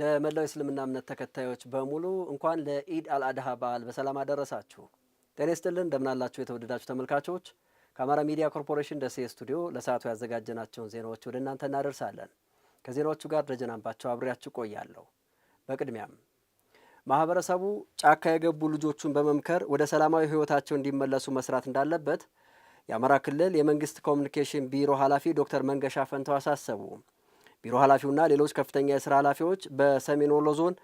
ለመላው እስልምና እምነት ተከታዮች በሙሉ እንኳን ለኢድ አልአድሃ በዓል በሰላም አደረሳችሁ። ጤና ይስጥልን፣ እንደምናላችሁ የተወደዳችሁ ተመልካቾች። ከአማራ ሚዲያ ኮርፖሬሽን ደሴ ስቱዲዮ ለሰዓቱ ያዘጋጀናቸውን ዜናዎች ወደ እናንተ እናደርሳለን። ከዜናዎቹ ጋር ደጀናንባቸው አብሬያችሁ ቆያለሁ። በቅድሚያም ማህበረሰቡ ጫካ የገቡ ልጆቹን በመምከር ወደ ሰላማዊ ህይወታቸው እንዲመለሱ መስራት እንዳለበት የአማራ ክልል የመንግስት ኮሚኒኬሽን ቢሮ ኃላፊ ዶክተር መንገሻ ፈንተው አሳሰቡ። ቢሮ ኃላፊውና ሌሎች ከፍተኛ የስራ ኃላፊዎች በሰሜን ወሎ ዞን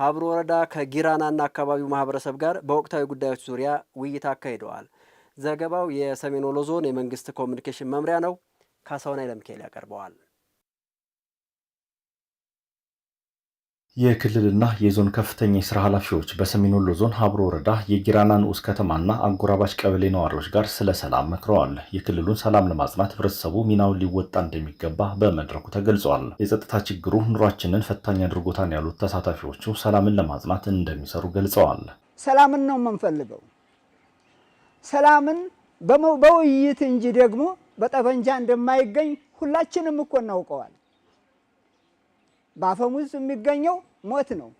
ሀብሮ ወረዳ ከጊራናና አካባቢው ማህበረሰብ ጋር በወቅታዊ ጉዳዮች ዙሪያ ውይይት አካሂደዋል። ዘገባው የሰሜን ወሎ ዞን የመንግስት ኮሚኒኬሽን መምሪያ ነው። ካሳሁን ኃይለሚካኤል ያቀርበዋል። የክልልና የዞን ከፍተኛ የስራ ኃላፊዎች በሰሜን ወሎ ዞን ሀብሮ ወረዳ የጊራና ንዑስ ከተማና አጎራባች ቀበሌ ነዋሪዎች ጋር ስለ ሰላም መክረዋል። የክልሉን ሰላም ለማጽናት ህብረተሰቡ ሚናውን ሊወጣ እንደሚገባ በመድረኩ ተገልጿል። የጸጥታ ችግሩ ኑሯችንን ፈታኝ አድርጎታን ያሉት ተሳታፊዎቹ ሰላምን ለማጽናት እንደሚሰሩ ገልጸዋል። ሰላምን ነው የምንፈልገው። ሰላምን በውይይት እንጂ ደግሞ በጠበንጃ እንደማይገኝ ሁላችንም እኮ እናውቀዋል። በአፈሙዝ የሚገኘው ሞት ነው።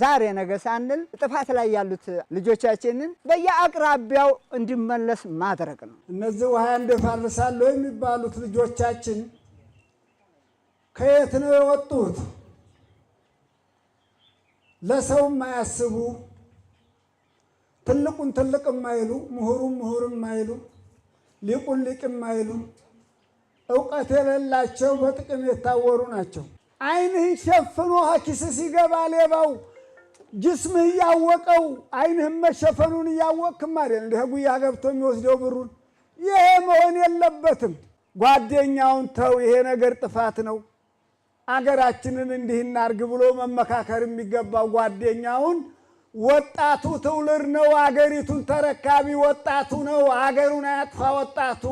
ዛሬ ነገ ሳንል ጥፋት ላይ ያሉት ልጆቻችንን በየአቅራቢያው እንዲመለስ ማድረግ ነው። እነዚህ ውሃ እንደፋርሳለሁ የሚባሉት ልጆቻችን ከየት ነው የወጡት? ለሰው የማያስቡ ትልቁን ትልቅ የማይሉ ምሁሩን ምሁር የማይሉ ሊቁን ሊቅ የማይሉ እውቀት የሌላቸው በጥቅም የታወሩ ናቸው። ዓይንህን ሸፍኖ ኪስ ሲገባ ሌባው ጅስምህ እያወቀው ዓይንህም መሸፈኑን እያወቅክም አይደል እንደ ጉያ ገብቶ የሚወስደው ብሩን። ይሄ መሆን የለበትም። ጓደኛውን ተው፣ ይሄ ነገር ጥፋት ነው። አገራችንን እንዲህ እናርግ ብሎ መመካከር የሚገባው ጓደኛውን ወጣቱ ትውልድ ነው። አገሪቱን ተረካቢ ወጣቱ ነው። አገሩን አያጥፋ ወጣቱ።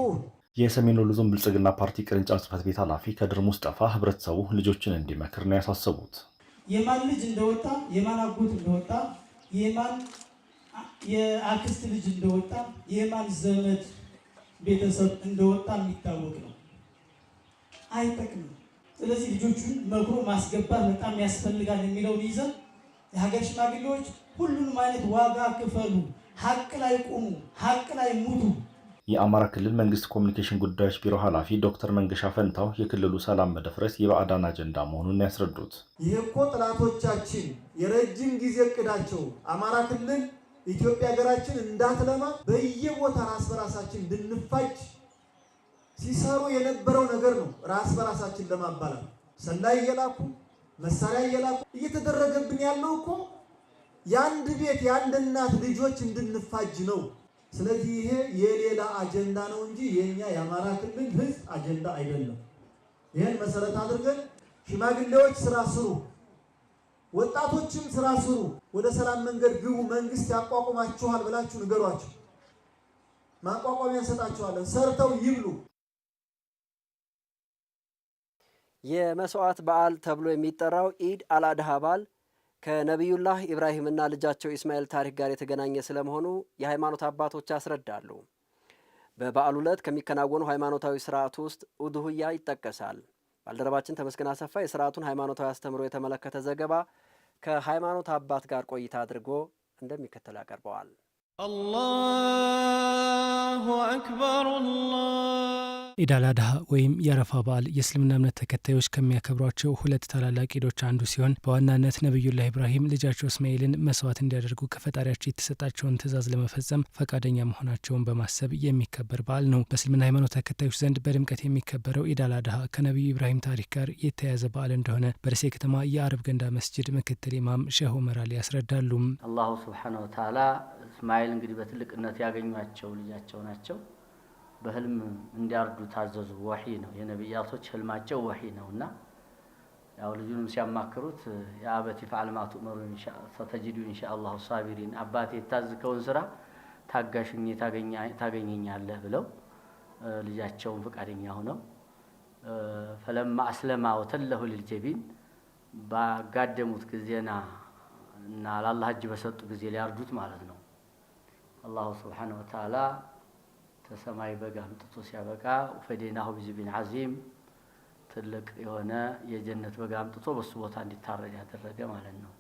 የሰሜን ወሎ ዞን ብልጽግና ፓርቲ ቅርንጫፍ ጽፈት ቤት ኃላፊ ከድር ሙስጠፋ ህብረተሰቡ ልጆችን እንዲመክር ነው ያሳሰቡት። የማን ልጅ እንደወጣ፣ የማን አጎት እንደወጣ፣ የማን የአክስት ልጅ እንደወጣ፣ የማን ዘመድ ቤተሰብ እንደወጣ የሚታወቅ ነው። አይጠቅምም። ስለዚህ ልጆቹን መክሮ ማስገባት በጣም ያስፈልጋል የሚለውን ይዘን የሀገር ሽማግሌዎች ሁሉንም አይነት ዋጋ ክፈሉ፣ ሀቅ ላይ ቁሙ፣ ሀቅ ላይ ሙቱ የአማራ ክልል መንግስት ኮሚኒኬሽን ጉዳዮች ቢሮ ኃላፊ ዶክተር መንገሻ ፈንታው የክልሉ ሰላም መደፍረስ የባዕዳን አጀንዳ መሆኑን ያስረዱት ይህ እኮ ጥላቶቻችን የረጅም ጊዜ እቅዳቸው አማራ ክልል ኢትዮጵያ ሀገራችን እንዳትለማ በየቦታ ራስ በራሳችን እንድንፋጅ ሲሰሩ የነበረው ነገር ነው። ራስ በራሳችን ለማባላት ሰላይ እየላኩ መሳሪያ እየላኩ እየተደረገብን ያለው እኮ የአንድ ቤት የአንድ እናት ልጆች እንድንፋጅ ነው። ስለዚህ ይሄ የሌላ አጀንዳ ነው እንጂ የኛ የአማራ ክልል ህዝብ አጀንዳ አይደለም። ይህን መሰረት አድርገን ሽማግሌዎች ስራ ስሩ፣ ወጣቶችም ስራ ስሩ፣ ወደ ሰላም መንገድ ግቡ፣ መንግስት ያቋቁማችኋል ብላችሁ ንገሯቸው። ማቋቋሚያ እንሰጣችኋለን፣ ሰርተው ይብሉ። የመስዋዕት በዓል ተብሎ የሚጠራው ኢድ አላድሃ ባል። በዓል ከነቢዩላህ ኢብራሂምና ልጃቸው ኢስማኤል ታሪክ ጋር የተገናኘ ስለመሆኑ የሃይማኖት አባቶች ያስረዳሉ። በበዓሉ ዕለት ከሚከናወኑ ሃይማኖታዊ ስርዓት ውስጥ ኡድሁያ ይጠቀሳል። ባልደረባችን ተመስገን አሰፋ የስርዓቱን ሃይማኖታዊ አስተምሮ የተመለከተ ዘገባ ከሃይማኖት አባት ጋር ቆይታ አድርጎ እንደሚከተል ያቀርበዋል። አላሁ አክበር ኢዳል አድሃ ወይም የአረፋ በዓል የእስልምና እምነት ተከታዮች ከሚያከብሯቸው ሁለት ታላላቅ ኢዶች አንዱ ሲሆን በዋናነት ነቢዩላህ ኢብራሂም ልጃቸው እስማኤልን መስዋዕት እንዲያደርጉ ከፈጣሪያቸው የተሰጣቸውን ትዕዛዝ ለመፈጸም ፈቃደኛ መሆናቸውን በማሰብ የሚከበር በዓል ነው። በእስልምና ሃይማኖት ተከታዮች ዘንድ በድምቀት የሚከበረው ኢዳል አድሃ ከነቢዩ ኢብራሂም ታሪክ ጋር የተያያዘ በዓል እንደሆነ በርሴ ከተማ የአረብ ገንዳ መስጅድ ምክትል ኢማም ሼህ ኦመር አሊ ያስረዳሉ። አላሁ ስብሓነሁ ወተዓላ እስማኤል እንግዲህ በትልቅነት ያገኟቸው ልጃቸው ናቸው። በህልም እንዲያርዱ ታዘዙ። ወሒ ነው የነቢያቶች ህልማቸው ወሒ ነው እና ያው ልጁንም ሲያማክሩት የአበት ይፍዓል ማ ትእመሩ ሰተጅዱ ኢንሻ አላሁ ሳቢሪን፣ አባቴ የታዝከውን ስራ ታጋሽኝ ታገኘኛለህ ብለው ልጃቸውን ፈቃደኛ ሆነው ፈለማ አስለማ ወተለሁ ልልጀቢን ባጋደሙት ጊዜና እና ለአላህ እጅ በሰጡ ጊዜ ሊያርዱት ማለት ነው አላሁ ስብሓነሁ ወተዓላ ከሰማይ በግ አምጥቶ ሲያበቃ ፈዴናሁ ቢዝቢን ዓዚም ትልቅ የሆነ የጀነት በግ አምጥቶ በሱ ቦታ እንዲታረድ ያደረገ ማለት ነው።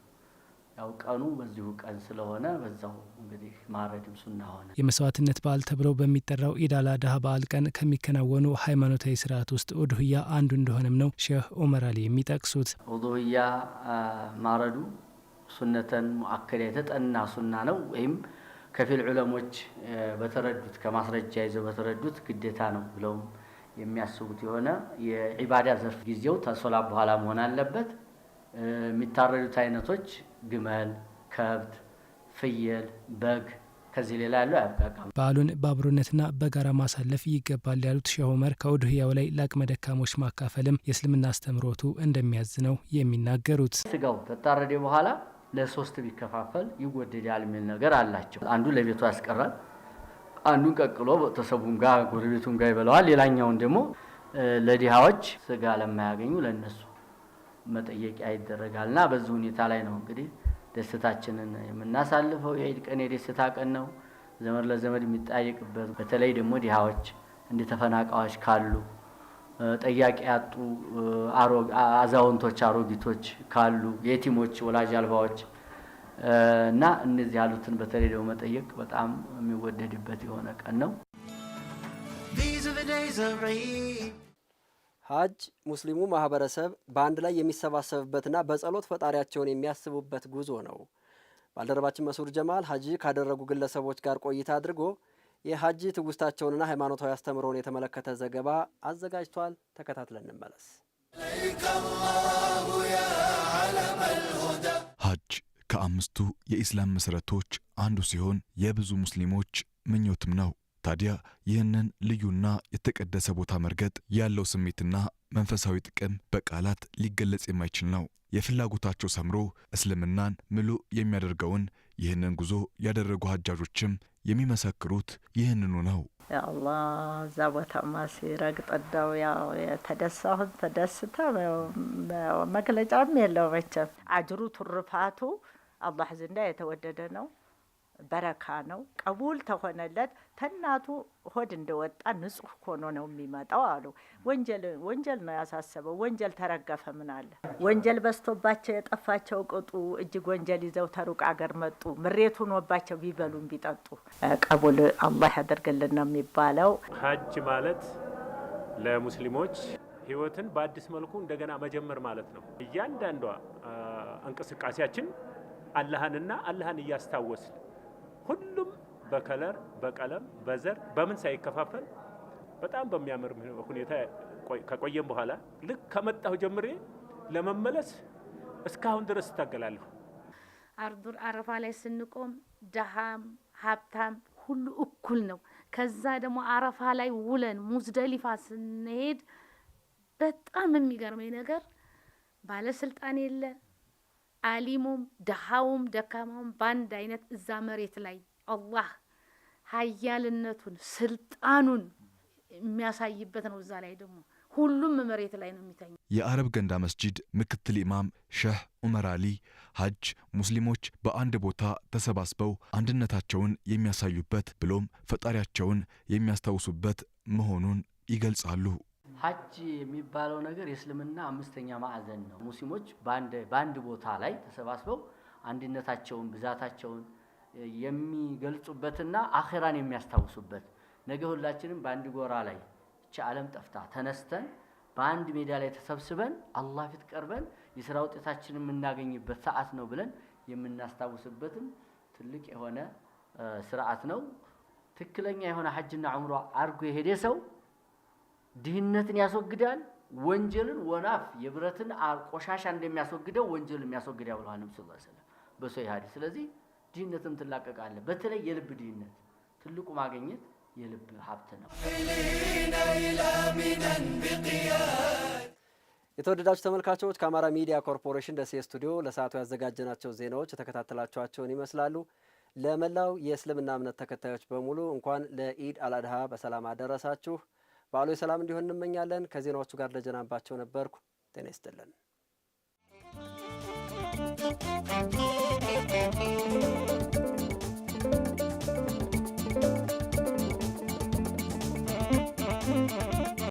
ያው ቀኑ በዚሁ ቀን ስለሆነ በዛው እንግዲህ ማረድም ሱና ሆነ። የመስዋዕትነት በዓል ተብለው በሚጠራው ኢድ አል አድሃ በዓል ቀን ከሚከናወኑ ሃይማኖታዊ ስርዓት ውስጥ ኡድህያ አንዱ እንደሆነም ነው ሼህ ኡመር አሊ የሚጠቅሱት። ኡድህያ ማረዱ ሱነተን ሙአከዳ የተጠና ሱና ነው ወይም ከፊል ዑለሞች በተረዱት ከማስረጃ ይዘው በተረዱት ግዴታ ነው ብለውም የሚያስቡት የሆነ የዒባዳ ዘርፍ ጊዜው ተሶላ በኋላ መሆን አለበት። የሚታረዱት አይነቶች ግመል፣ ከብት፣ ፍየል፣ በግ ከዚህ ሌላ ያለው አያበቃም። በዓሉን በአብሮነትና በጋራ ማሳለፍ ይገባል ያሉት ሼህ ከውድህያው ከኡድህያው ላይ ለአቅመ ደካሞች ማካፈልም የእስልምና አስተምሮቱ እንደሚያዝ ነው የሚናገሩት። ስጋው ተታረደ በኋላ ለሶስት ቢከፋፈል ይወደዳል የሚል ነገር አላቸው። አንዱ ለቤቱ ያስቀራል፣ አንዱን ቀቅሎ ተሰቡም ጋር ጎረቤቱም ጋር ይበለዋል። ሌላኛውን ደግሞ ለድሃዎች ስጋ ለማያገኙ ለነሱ መጠየቂያ እና በዚህ ሁኔታ ላይ ነው እንግዲህ ደስታችንን የምናሳልፈው። የኢድ ቀን የደስታ ቀን ነው፣ ዘመድ ለዘመድ የሚጠያየቅበት። በተለይ ደግሞ ድሃዎች እንደ ተፈናቃዮች ካሉ ጠያቂ ያጡ አዛውንቶች፣ አሮጊቶች ካሉ የቲሞች፣ ወላጅ አልባዎች እና እነዚህ ያሉትን በተለይ ደግሞ መጠየቅ በጣም የሚወደድበት የሆነ ቀን ነው። ሀጅ ሙስሊሙ ማህበረሰብ በአንድ ላይ የሚሰባሰብበትና በጸሎት ፈጣሪያቸውን የሚያስቡበት ጉዞ ነው። ባልደረባችን መስሩ ጀማል ሀጂ ካደረጉ ግለሰቦች ጋር ቆይታ አድርጎ የሀጂ ትውስታቸውንና ሃይማኖታዊ አስተምሮን የተመለከተ ዘገባ አዘጋጅቷል። ተከታትለን እንመለስ። ሀጅ ከአምስቱ የኢስላም መሠረቶች አንዱ ሲሆን የብዙ ሙስሊሞች ምኞትም ነው። ታዲያ ይህንን ልዩና የተቀደሰ ቦታ መርገጥ ያለው ስሜትና መንፈሳዊ ጥቅም በቃላት ሊገለጽ የማይችል ነው። የፍላጎታቸው ሰምሮ እስልምናን ምሉእ የሚያደርገውን ይህንን ጉዞ ያደረጉ ሀጃጆችም የሚመሰክሩት ይህንኑ ነው። አላህ እዛ ቦታማ ሲረግጠዳው ያው የተደሳሁን ተደስተ መግለጫም የለው መቸም አጅሩ ቱርፋቱ አላህ ዝንዳ የተወደደ ነው። በረካ ነው። ቀቡል ተሆነለት ተናቱ ሆድ እንደወጣ ንጹህ ሆኖ ነው የሚመጣው አሉ። ወንጀል ወንጀል ነው ያሳሰበው። ወንጀል ተረገፈ ምን አለ ወንጀል በዝቶባቸው የጠፋቸው ቅጡ እጅግ ወንጀል ይዘው ተሩቅ አገር መጡ። ምሬቱ ኖባቸው ቢበሉም ቢጠጡ ቀቡል አላህ ያደርግልን ነው የሚባለው። ሀጅ ማለት ለሙስሊሞች ህይወትን በአዲስ መልኩ እንደገና መጀመር ማለት ነው። እያንዳንዷ እንቅስቃሴያችን አላህንና አላህን እያስታወስን ሁሉም በከለር በቀለም በዘር በምን ሳይከፋፈል በጣም በሚያምር ሁኔታ ከቆየም በኋላ ልክ ከመጣሁ ጀምሬ ለመመለስ እስካሁን ድረስ እታገላለሁ። አርዱር አረፋ ላይ ስንቆም ደሃም ሀብታም ሁሉ እኩል ነው። ከዛ ደግሞ አረፋ ላይ ውለን ሙዝደሊፋ ስንሄድ በጣም የሚገርመኝ ነገር ባለስልጣን የለ አሊሙም ደሃውም ደካማውም በአንድ አይነት እዛ መሬት ላይ አላህ ሀያልነቱን ስልጣኑን የሚያሳይበት ነው። እዛ ላይ ደግሞ ሁሉም መሬት ላይ ነው የሚተኙ። የአረብ ገንዳ መስጂድ ምክትል ኢማም ሸህ ዑመር አሊ ሀጅ ሙስሊሞች በአንድ ቦታ ተሰባስበው አንድነታቸውን የሚያሳዩበት ብሎም ፈጣሪያቸውን የሚያስታውሱበት መሆኑን ይገልጻሉ። ሀጅ የሚባለው ነገር የእስልምና አምስተኛ ማዕዘን ነው። ሙስሊሞች በአንድ ቦታ ላይ ተሰባስበው አንድነታቸውን፣ ብዛታቸውን የሚገልጹበትና አኼራን የሚያስታውሱበት ነገ ሁላችንም በአንድ ጎራ ላይ እቺ ዓለም ጠፍታ ተነስተን በአንድ ሜዳ ላይ ተሰብስበን አላህ ፊት ቀርበን የስራ ውጤታችንን የምናገኝበት ሰዓት ነው ብለን የምናስታውስበትም ትልቅ የሆነ ስርዓት ነው። ትክክለኛ የሆነ ሀጅና ዑምራ አድርጎ የሄደ ሰው ድህነትን ያስወግዳል። ወንጀልን ወናፍ የብረትን ቆሻሻ እንደሚያስወግደው ወንጀልን የሚያስወግድ ብለዋል ነብዩ ሰለላሁ ዐለይሂ ወሰለም ስለዚህ ድህነትም ትላቀቃለህ። በተለይ የልብ ድህነት ትልቁ ማግኘት የልብ ሀብት ነው። የተወደዳችሁ ተመልካቾች ከአማራ ሚዲያ ኮርፖሬሽን ደሴ ስቱዲዮ ለሰዓቱ ያዘጋጀናቸው ዜናዎች የተከታተላችኋቸውን ይመስላሉ። ለመላው የእስልምና እምነት ተከታዮች በሙሉ እንኳን ለኢድ አልአድሃ በሰላም አደረሳችሁ። በዓሉ የሰላም እንዲሆን እንመኛለን። ከዜናዎቹ ጋር ደጀናባቸው ነበርኩ። ጤና ይስጥልን።